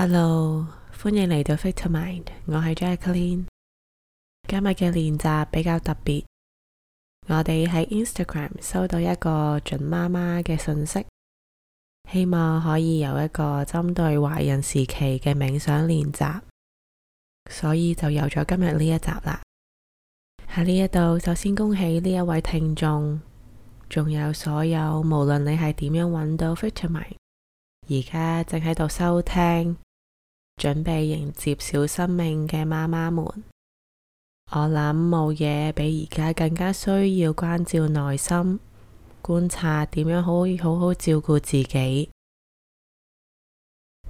Hello，歡迎嚟到 Vitamind，我係 Jacqueline。今日嘅練習比較特別，我哋喺 Instagram 收到一個準媽媽嘅信息，希望可以有一個針對懷孕時期嘅冥想練習，所以就有咗今日呢一集啦。喺呢一度，首先恭喜呢一位聽眾，仲有所有無論你係點樣揾到 Vitamind，而家正喺度收聽。準備迎接小生命嘅媽媽們，我諗冇嘢比而家更加需要關照內心，觀察點樣可以好好照顧自己，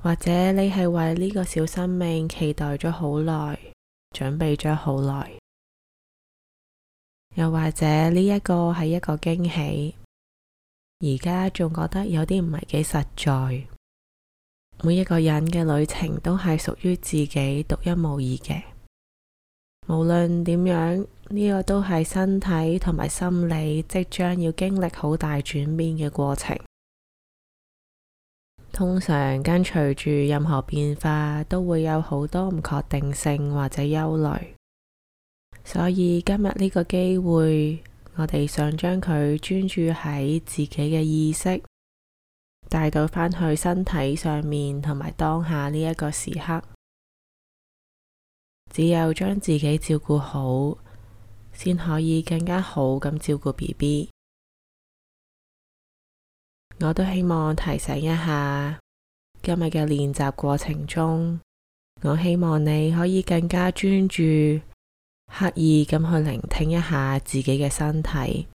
或者你係為呢個小生命期待咗好耐，準備咗好耐，又或者呢一個係一個驚喜，而家仲覺得有啲唔係幾實在。每一個人嘅旅程都係屬於自己獨一無二嘅，無論點樣，呢個都係身體同埋心理即將要經歷好大轉變嘅過程。通常跟隨住任何變化，都會有好多唔確定性或者憂慮。所以今日呢個機會，我哋想將佢專注喺自己嘅意識。帶到返去身體上面，同埋當下呢一個時刻，只有將自己照顧好，先可以更加好咁照顧 BB。我都希望提醒一下，今日嘅練習過程中，我希望你可以更加專注，刻意咁去聆聽一下自己嘅身體。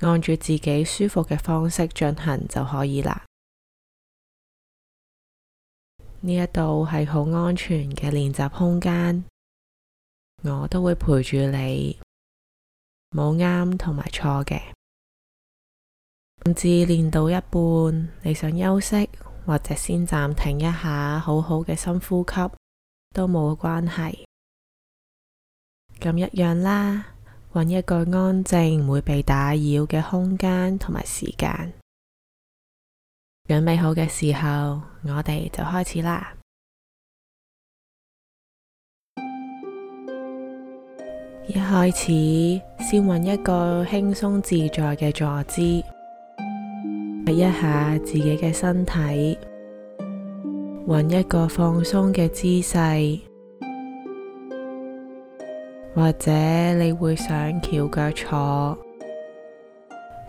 按住自己舒服嘅方式進行就可以啦。呢一度係好安全嘅練習空間，我都會陪住你，冇啱同埋錯嘅。甚至練到一半，你想休息或者先暫停一下，好好嘅深呼吸都冇關係，咁一樣啦。揾一個安靜唔會被打擾嘅空間同埋時間，準備好嘅時候，我哋就開始啦。一開始，先揾一個輕鬆自在嘅坐姿，睇一下自己嘅身體，揾一個放鬆嘅姿勢。或者你會想翹腳坐，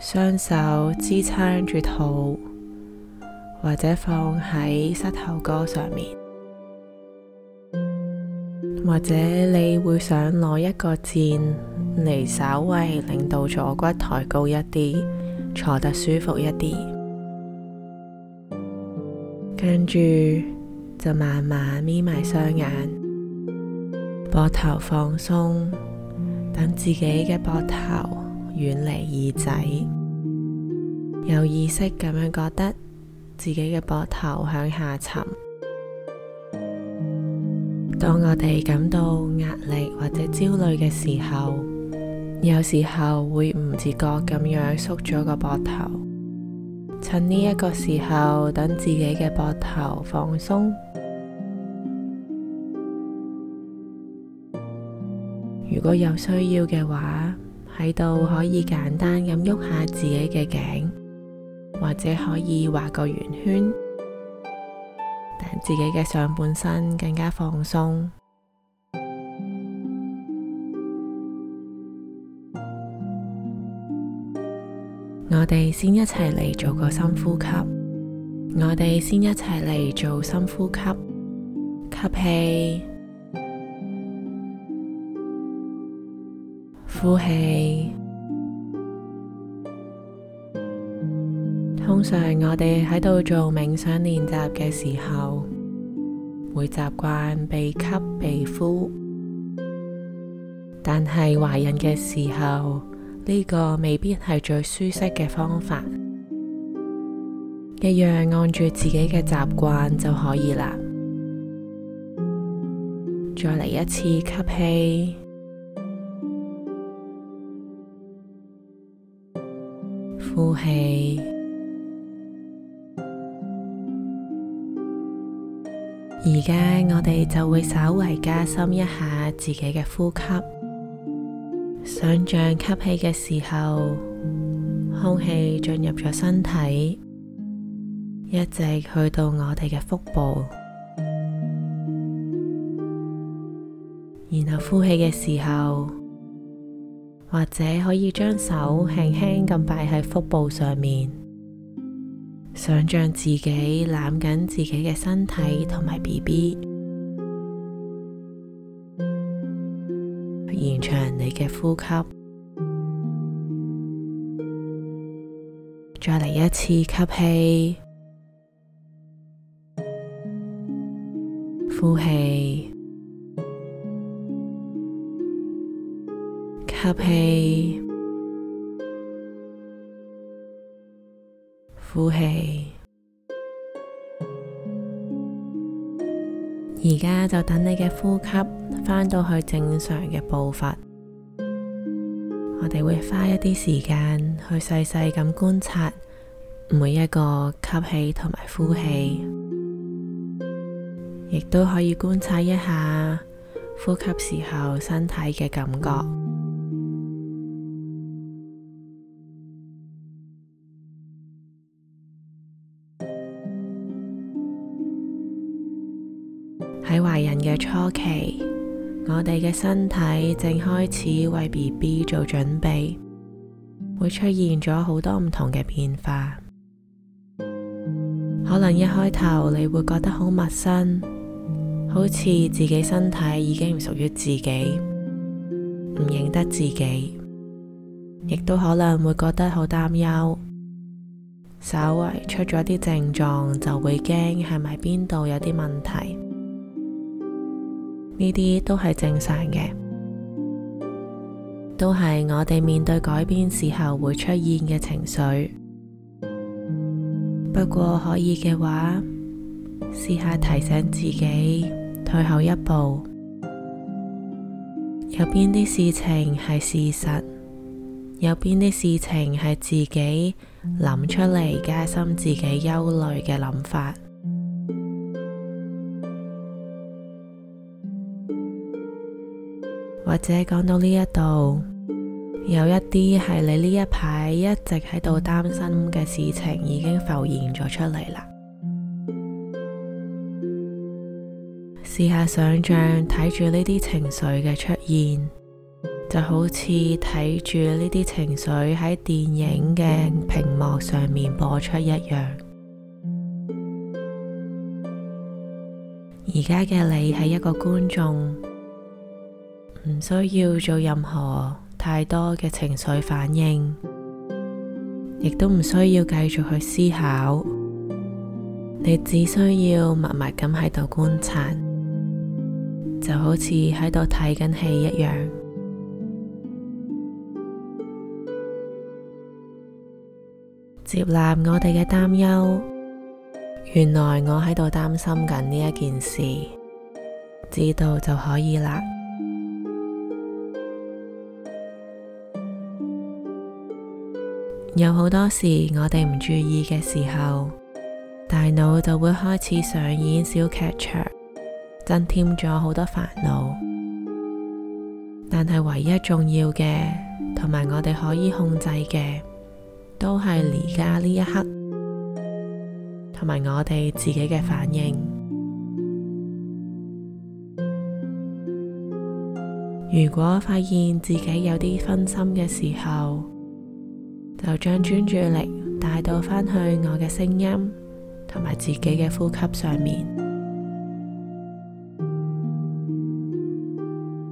雙手支撐住肚，或者放喺膝頭哥上面。或者你會想攞一個墊嚟稍微令到坐骨抬高一啲，坐得舒服一啲。跟住就慢慢眯埋雙眼。膊頭放鬆，等自己嘅膊頭遠離耳仔，有意識咁樣覺得自己嘅膊頭向下沉。當我哋感到壓力或者焦慮嘅時候，有時候會唔自覺咁樣縮咗個膊頭。趁呢一個時候，等自己嘅膊頭放鬆。如果有需要嘅話，喺度可以簡單咁喐下自己嘅頸，或者可以畫個圓圈，等自己嘅上半身更加放鬆。 我哋先一齊嚟做個深呼吸。我哋先一齊嚟做深呼吸，吸氣。呼氣。通常我哋喺度做冥想練習嘅時候，會習慣鼻吸鼻呼，但係懷孕嘅時候，呢個未必係最舒適嘅方法。一樣按住自己嘅習慣就可以啦。再嚟一次吸氣。呼氣，而家我哋就會稍微加深一下自己嘅呼吸。想象吸氣嘅時候，空氣進入咗身體，一直去到我哋嘅腹部，然後呼氣嘅時候。或者可以將手輕輕咁擺喺腹部上面，想象自己攬緊自己嘅身體同埋 BB，延長你嘅呼吸，再嚟一次吸氣，呼氣。吸氣，呼氣，而家就等你嘅呼吸返到去正常嘅步伐。我哋會花一啲時間去細細咁觀察每一個吸氣同埋呼氣，亦都可以觀察一下呼吸時候身體嘅感覺。喺懷孕嘅初期，我哋嘅身體正開始為 BB 做準備，會出現咗好多唔同嘅變化。可能一開頭你會覺得好陌生，好似自己身體已經唔屬於自己，唔認得自己，亦都可能會覺得好擔憂。稍為出咗啲症狀，就會驚係咪邊度有啲問題。呢啲都係正常嘅，都係我哋面對改變時候會出現嘅情緒。不過可以嘅話，試下提醒自己退後一步。有邊啲事情係事實？有邊啲事情係自己諗出嚟加深自己憂慮嘅諗法？或者講到呢一度，有一啲係你呢一排一直喺度擔心嘅事情，已經浮現咗出嚟啦。試下想象睇住呢啲情緒嘅出現，就好似睇住呢啲情緒喺電影嘅屏幕上面播出一樣。而家嘅你係一個觀眾。唔需要做任何太多嘅情緒反應，亦都唔需要繼續去思考。你只需要默默咁喺度觀察，就好似喺度睇緊戲一樣。接納我哋嘅擔憂。原來我喺度擔心緊呢一件事，知道就可以啦。有好多事，我哋唔注意嘅時候，大腦就會開始上演小劇場，增添咗好多煩惱。但係唯一重要嘅，同埋我哋可以控制嘅，都係而家呢一刻，同埋我哋自己嘅反應。如果發現自己有啲分心嘅時候，就將專注力帶到翻去我嘅聲音同埋自己嘅呼吸上面。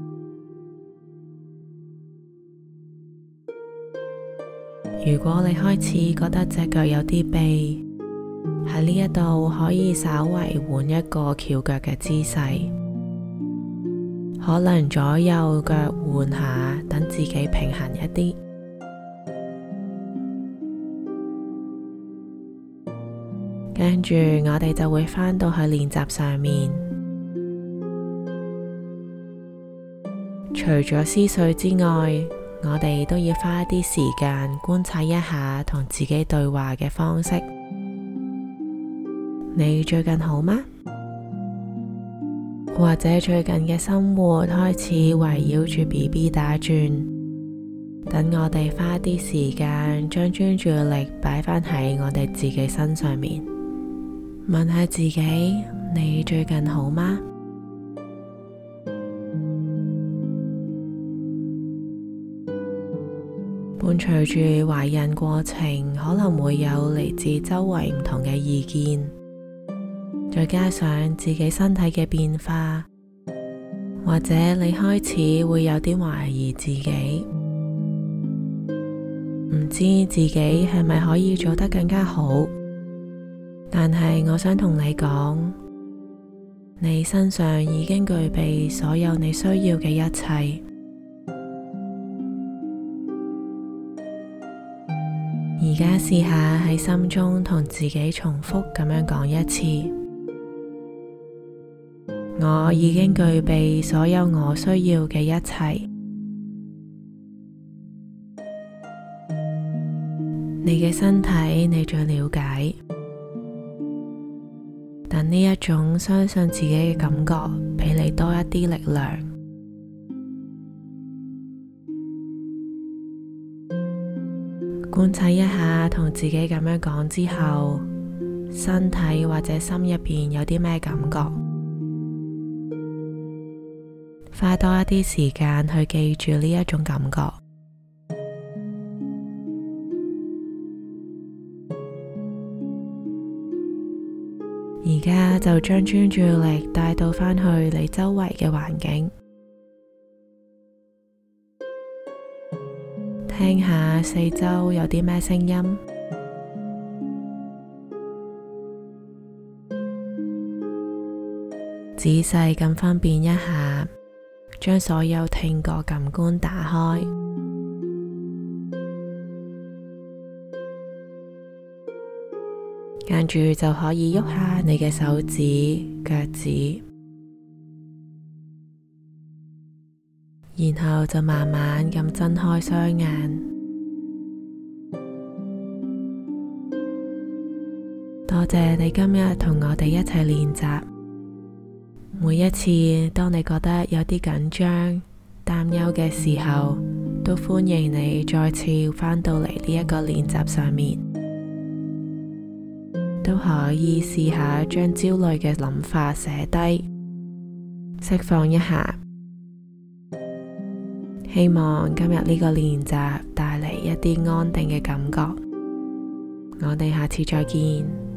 如果你開始覺得隻腳有啲痹，喺呢一度可以稍微換一個翹腳嘅姿勢，可能左右腳換下，等自己平衡一啲。跟住，我哋就會返到去練習上面。除咗思緒之外，我哋都要花一啲時間觀察一下同自己對話嘅方式。你最近好嗎？或者最近嘅生活開始圍繞住 BB 打轉，等我哋花一啲時間，將專注力擺返喺我哋自己身上面。問下自己，你最近好嗎？伴隨住懷孕過程，可能會有嚟自周圍唔同嘅意見，再加上自己身體嘅變化，或者你開始會有啲懷疑自己，唔知自己係咪可以做得更加好。但係，我想同你講，你身上已經具備所有你需要嘅一切。而家試下喺心中同自己重複咁樣講一次：我已經具備所有我需要嘅一切。你嘅身體，你最了解。呢一種相信自己嘅感覺，俾你多一啲力量。觀察一下，同自己咁樣講之後，身體或者心入邊有啲咩感覺？花多一啲時間去記住呢一種感覺。而家就將專注力帶到返去你周圍嘅環境，聽下四周有啲咩聲音，仔細咁分辨一下，將所有聽覺感官打開。跟住就可以喐下你嘅手指、腳趾，然後就慢慢咁睜開雙眼。多謝你今日同我哋一齊練習。每一次，當你覺得有啲緊張、擔憂嘅時候，都歡迎你再次返到嚟呢一個練習上面。都可以試下將焦慮嘅諗法寫低，釋放一下。希望今日呢個練習帶嚟一啲安定嘅感覺。我哋下次再見。